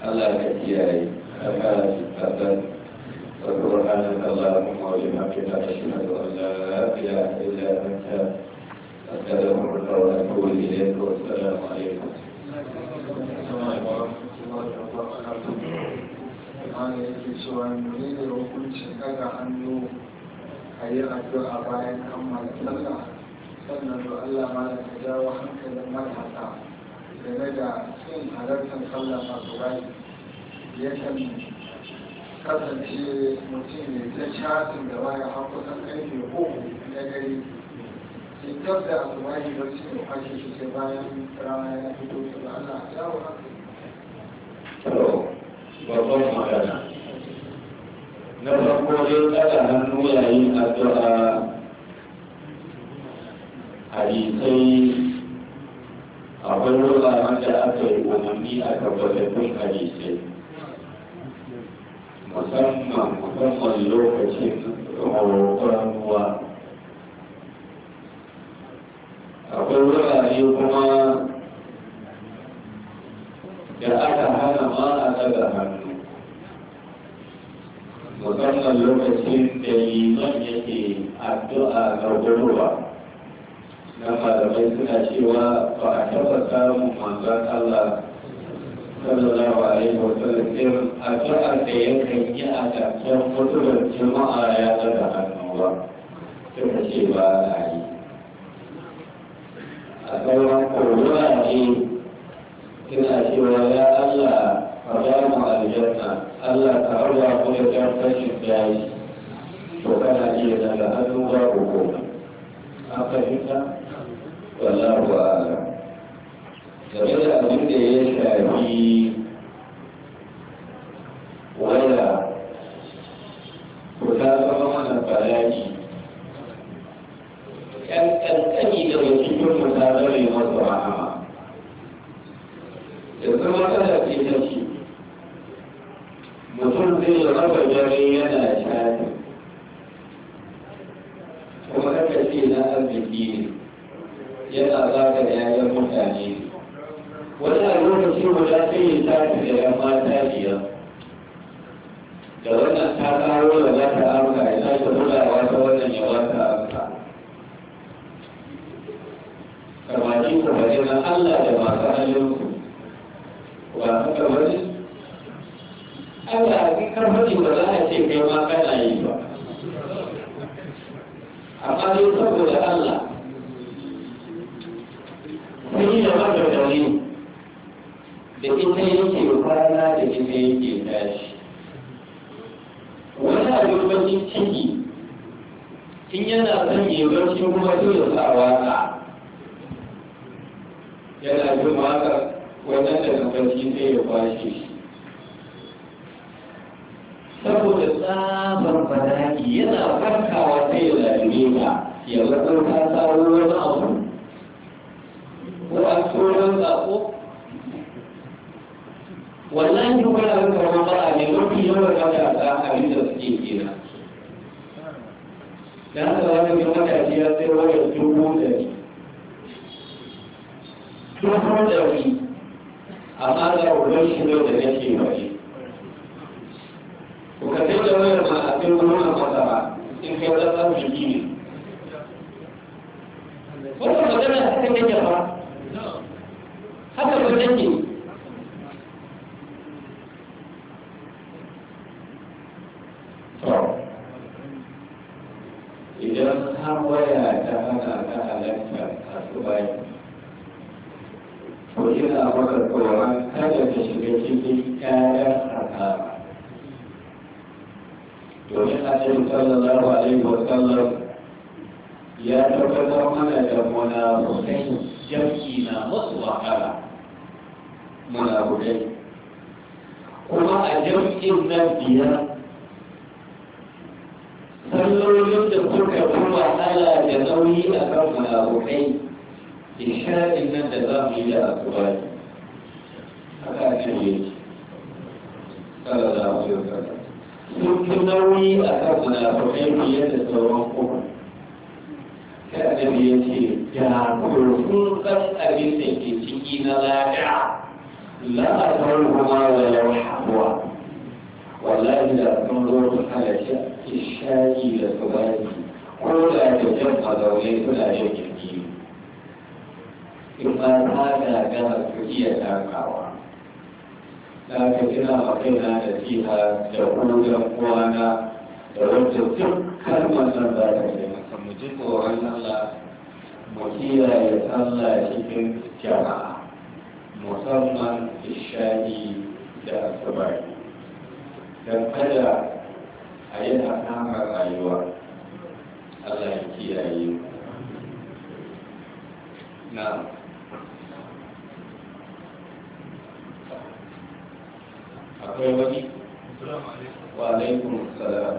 Allah ka kiyaye a kara shi kasar سبحانك اللهم وبحمدك أشهد أن لا إله إلا أنت أستغفرك وأتوب إليك والسلام عليكم malam yake cewa da hukuncin daga hannu a yi addu'a bayan kammala sallah sannan da Allah ma ka jawo hankalin matasa game da yin halartar sallah masu rai yakan kasance mutum ne ta chatin da baya har kusan ƙarfe ko na gari in tabda a kuma yi barci da kwashe shi sai bayan rana ya fito da Allah a jawo hankalin babban magana na farko dai tsaka hannu yayin addu'a hadisai akwai wuraren da aka yi umarni a tabbatattun hadisai musamman musamman lokacin roƙon ruwa akwai wurare kuma da aka hana ma a daga hannu musamman lokacin da liman yake addu'a ga gurwa na malamai suna cewa ba a taɓa samun manzan Allah sallallahu alaihi wa sallam irin addu'a da yakan yi a kafin mutuwar jama'a ya daga hannu ba suka ce ba a yi a sauran kowa ne suna cewa ya Allah ka ba mu aljanna Allah ka ta ku da karfashin yayi to kana iya daga ba ko kuma an fahimta wallahu a'lam game da abin da ya shafi Wanda ko ta zama mana bayani yan kankani da wasu zama mutazare masu ba'a. yanzu matsala ce ta ce mutum zai yi raba dare yana shafi kuma aka ce na arziki ne yana zaga da yayan mutane ne wani a lokacin guda sai ya tafi da yan mata biyar da wannan ta karo da za ta amka ya sake kulawa ta wannan ya ba ta amka kamar ko bari na Allah da masu hannunku munafukai fiye da sauran kuma ka annabi ya ce da kurkun kan abin da ke ciki na lada la a faru kuma wa yau hawa wallahi da sun zo su halarci ishaki da su bari ko da ta jan mazaune suna yin kirki in ba ta da gana su iya takawa da ka kira makaina da fiha da kudan kwana da wancan dukkan wannan za ta yi masa mu ji tsoron Allah mu kiyaye sallah cikin jama'a musamman ishadi da asabari don kada a yi asarar rayuwa Allah ya kiyaye na akwai wani wa alaikun salam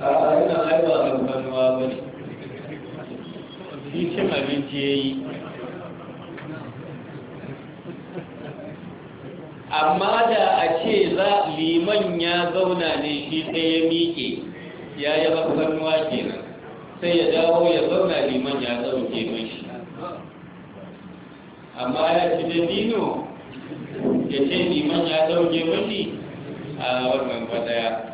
a ba ne shi cin abinci ya yi amma da a ce za liman ya zauna ne shi sai ya miƙe ya yi ke kenan sai ya dawo ya zauna liman ya ɗauke mashi amma ya ci da dino ya ce liman ya ɗauke mashi a wannan kwadaya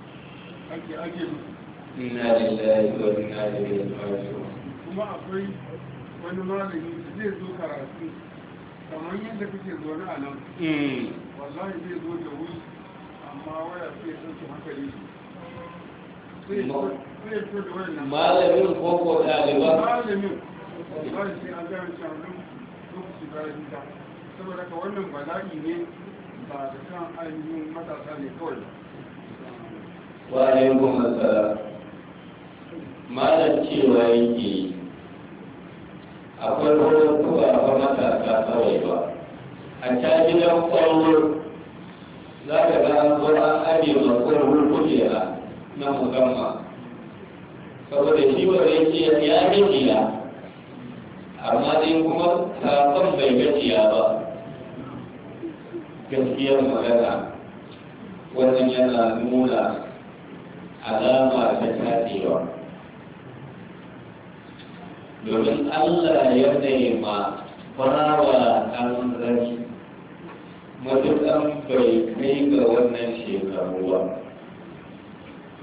inna lillahi wa inna ilaihi raji'un kuma akwai wani malami zai zo karatu kamar yadda kake zo na nan hmm. wallahi zai zo da wuri amma waya sai sun su hankali malamin ko ko ɗaliban malamin wallahi sai an gaya shanun lokaci bayan ta saboda ka wannan bala'i ne ba da kan ainihin matasa ne kawai wa alaikum assalam malam cewa yake akwai wurin kuwa ba matasa kawai ba a ta gidan kwallo za ka ga an zo an ajiye makon kujera na musamman saboda shi ba zai ce ya gajiya amma dai kuma sakon bai gajiya ba gaskiyar magana wajen yana nuna alama ta kaɗewa domin allah ya nema farawa an rai matuƙan bai kai ga wannan shekaru ba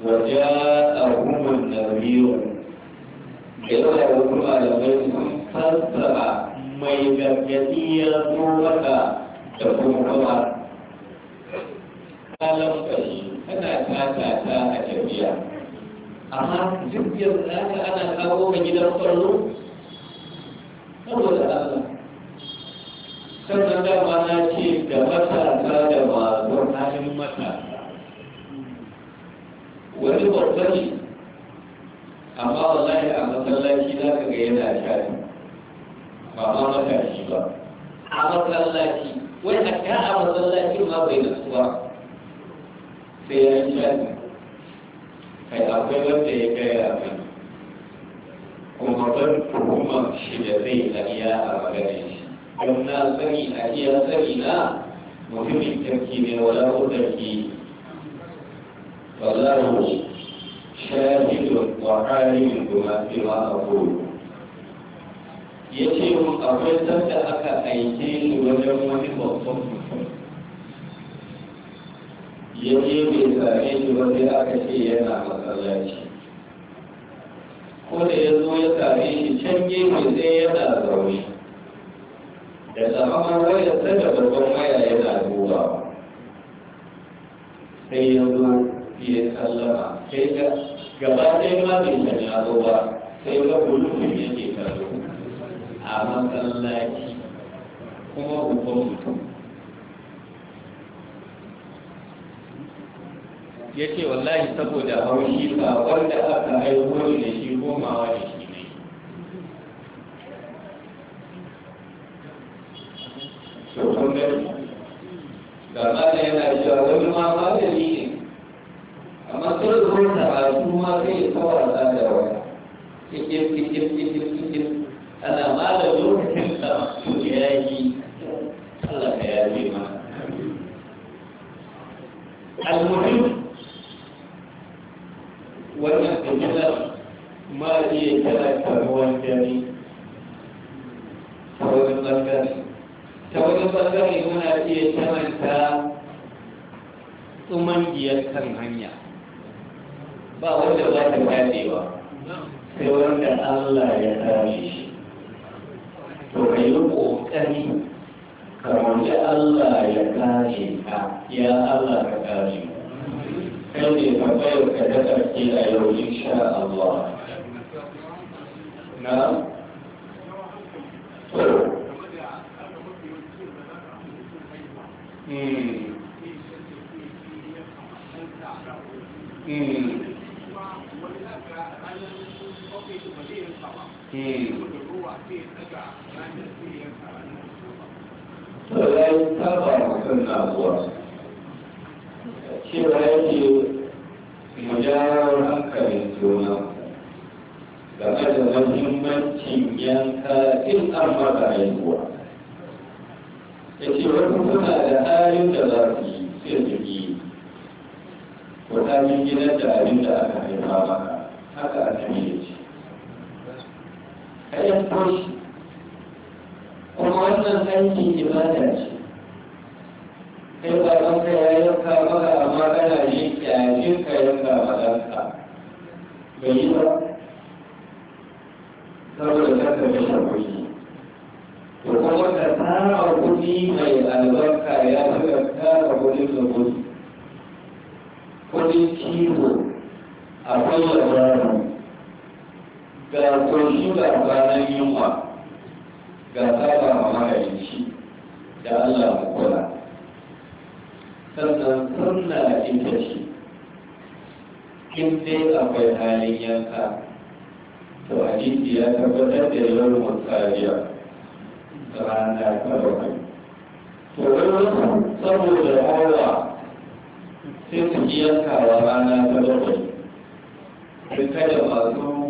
waje a hukumar nabiru da yawa da malamai sun fassara mai gargaɗi ya zo maka da kuma kalan ƙashi kana tatata a tafiya amma duk yanzu haka ana kawo ka gidan kwallo saboda Allah sannan dama na ce da matasa da masu halin matasa wani babba ne amma wallahi a masallaci za ka ga yana shafi ba ma matashi ba a masallaci wai a ka a masallacin ma bai nasuwa sai ya yi lazim kai akwai wanda ya gaya mai kuma ban kuma shi da zai a a magana shi don na sani a iya sani na mutumin kirki ne wala hudarki wallahu shahidun wa ƙarin goma fi ma abu ya ce mun akwai sanda aka aike shi wajen wani babban mutum ya je bai same shi ba sai aka ce yana masallaci ko da ya zo ya same shi can gefe sai yana zaune da tsamman wayar ta da babban waya yana duba sai ya zo ya sallama sai ga gaba ɗaya ma bai san ya zo ba sai ga bulufin yake kallo a masallaci kuma babban mutum ya ce wallahi saboda haushi ka wanda aka aiko da shi komawa da shi to ya yi saba wa kan abuwa cewa yake mujarar hankalin juna game da mahimmancin yanka in an maka haihuwa ya ce da halin da za yi sai su yi ta gidan da abin da aka haifa maka a yan koshi kuma wannan aiki ibada ce kai babanka ya yanka maka amma kana yi yayin ka yanka maɗanka bai yi ba saboda kanka bai shafi to kuma ka tara kuɗi mai albarka ya fi ka tara kuɗin da kuɗi kuɗin kiwo akwai labarin ga kwashi da ranar yunwa ga saba ma mahaici da Allah mu kula sannan sunna ita shi. in dai akwai halin yanka to hadisi ya tabbatar da yawar mutsariya rana ta bakwai to wani saboda hawa sai su yankawa rana ta bakwai sai kada masu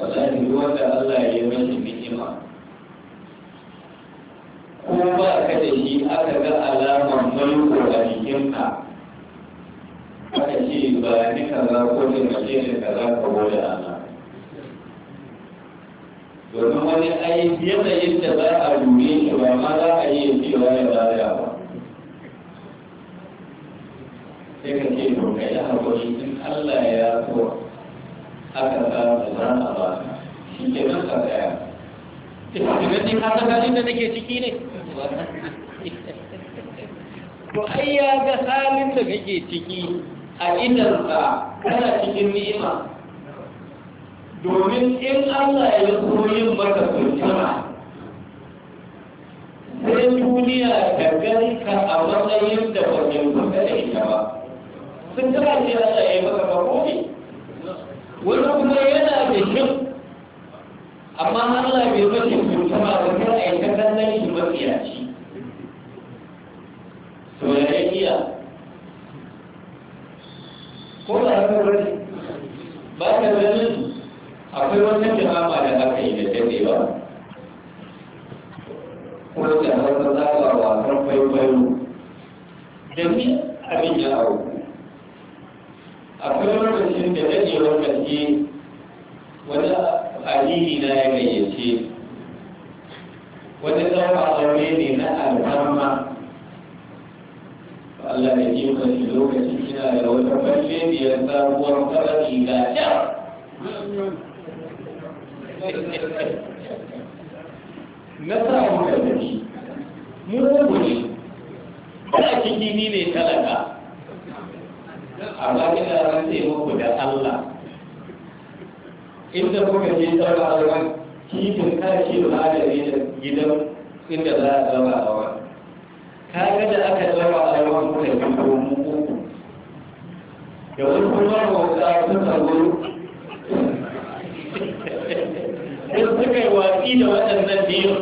wallahi duk wanda Allah ya yi masa ni'ima ko ba ka da shi aka ga alamar mulko a jikinka aka ce ba ni kaza ko ni mace ni kaza ka gode Allah domin wani ai yanayin da za a dure shi ba ma za a iya cewa ya bada ba sai ka ce to kai hakuri in Allah ya so aka samu ran a ba shi ke nan ka tsaya Ibrahim ka san halin da nake ciki ne to ai ya ga halin da kake ciki a idansa kana cikin ni'ima domin in Allah ya so yin maka sultana sai duniya ta ganka a matsayin da ba ta yi ba sun tana ce Allah ya yi maka ba ko wani kuma yana da kyau amma Allah bai mace kyauta ba da kira a yanka kallon shi mafiyaci to ya yi iya ko ba haka ba ba ka ganin akwai wata jama'a da aka yi da dade ba ko da a tsaba wasan kwaikwayo da ni abin ya auku akwai lokaci wata alihi na ya gayyace wani ɗaura zaune ne na alfarma Allah da ji ka shi lokaci ina da wata fashe biyar sabuwar farashi ga can na samu da shi mu rubu ne ba ciki ni ne talaka amma ina rantse muku da Allah inda kuka je tsara a ruwan kifin kashi da adari da gidan inda za a tsara a ruwan kaga da aka tsara a ruwan kuka yi domin uku da wani kuma mawuta sun tsaro sai suka yi watsi da waɗannan biyu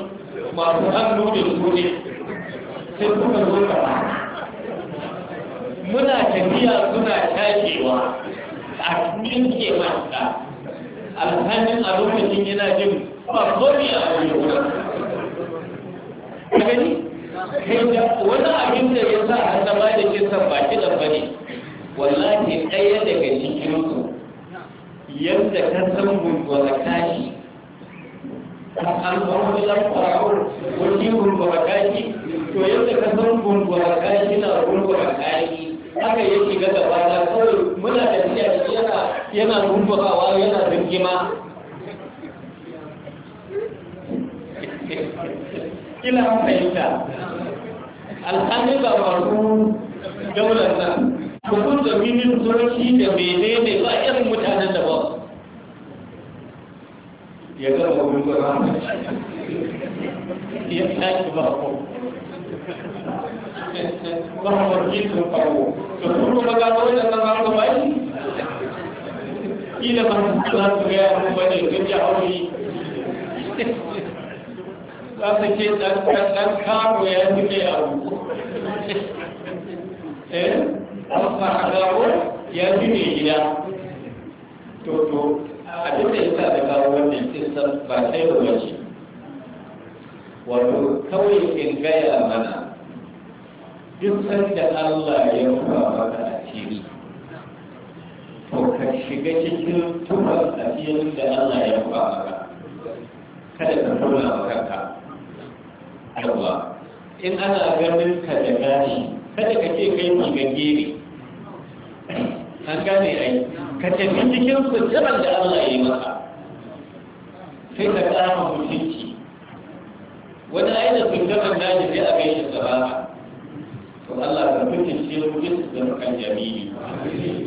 masu hannu da su ne sai kuka zo ka muna tafiya suna tashewa a cikin kemanta alhamin a lokacin yana jin ba komi a wajen gani wani abin da ya sa a zama da kisan ba kiɗan ba ne wallahi ɗaya daga cikinsu yadda ka san gungura kashi a da faru wani gungura kashi to yadda ka san gungura kashi na gungura kashi haka yake ga gaba na yana rumbakawa yana rigima ina fahimta alhali ba masu daular nan hukun da ministoci da menene ba irin mutanen da ba ya ga babban ba ya tashi ba ko ba ba ji sun faru ba kuma ba ga ba nan ba ba kila ba su za su gaya mu ba ne gaji aure za su ce ɗan karo ya fi mai abu eh amma hagawo ya fi mai gida to a abin da yasa da kawo wannan kisan ba sai ruwa Wani wato kawai in gaya mana duk sanda Allah ya rufa maka cikin. to ka shiga cikin tufar tafiyar da Allah ya ba ka kada ka tuna wa kanka yawa in ana ganin ka da gani kada ka ce kai mai gaggere an gane ai ka tafi cikin suturan da Allah ya yi maka sai ka kama mutunci wani aina suturan da ne sai a gaishe gaba to Allah ka mutunce mutunci da mukan jami'i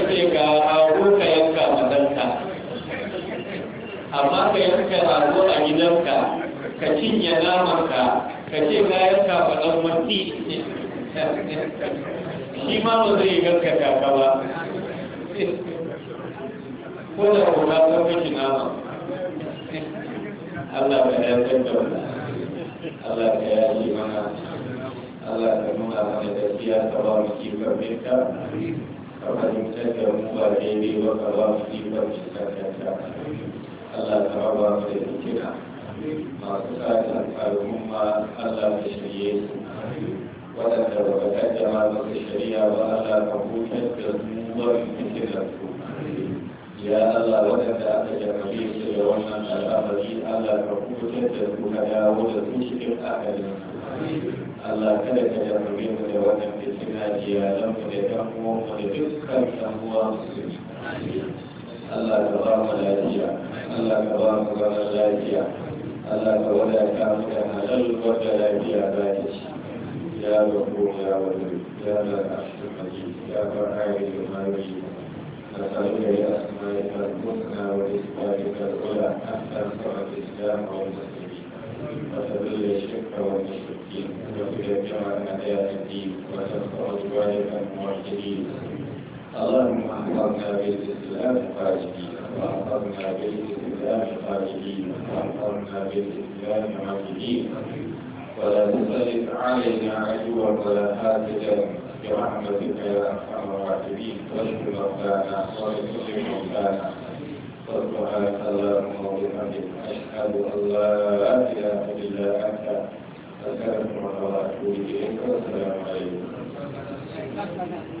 ka cinye namanka ka ce bayan ka faɗan mati shi ma ba zai gaskata ka ba ko da kuma zan kashi nama Allah ka yarda da wannan Allah ka yaji mana Allah ka nuna mana gaskiya ka ba mu kifar ka ka fahimtar da mu ba daidai ba ka ba mu kifar ka Allah ka ba mu da kira masu sa'in al'umma Allah ta shirye su waɗanda ba ka kaddama maka shari'a ba Allah ka hutar da su wani fikirar su ya Allah waɗanda aka jarrabe su da wannan al'amari Allah ka hutar da su ka dawo da su cikin akalin su Allah kada ka jarrabe mu da wannan fitina iyalan mu da yan uwan mu da dukkan yan uwa musulmi Allah ka ba mu lafiya Allah ka ba mu zaman lafiya Allah ka wadata mu da halal wata lafiya za ta ci ya rabu ya wani ya da ashirin maji ya bar hari da mari na tsaro da ya asmai da mutuna wani tsari da kula a kan sama da islam a wani tsari wata dole shirka wani shirki da kuma jama'a na ɗaya da biyu wata tsawon ruwa da kan da اللهم احفظنا بالاسلام وأخبرنا بالإسلام خارجين وأخبرنا بالإسلام عاجلين ولا تسلط علينا عدوا ولا هاتفا برحمتك يا أرحم الراحمين واشف موتانا واشف موتانا سبحانك اللهم وبحمدك أشهد أن لا إله إلا أنت أستغفرك وأتوب إليك والسلام عليكم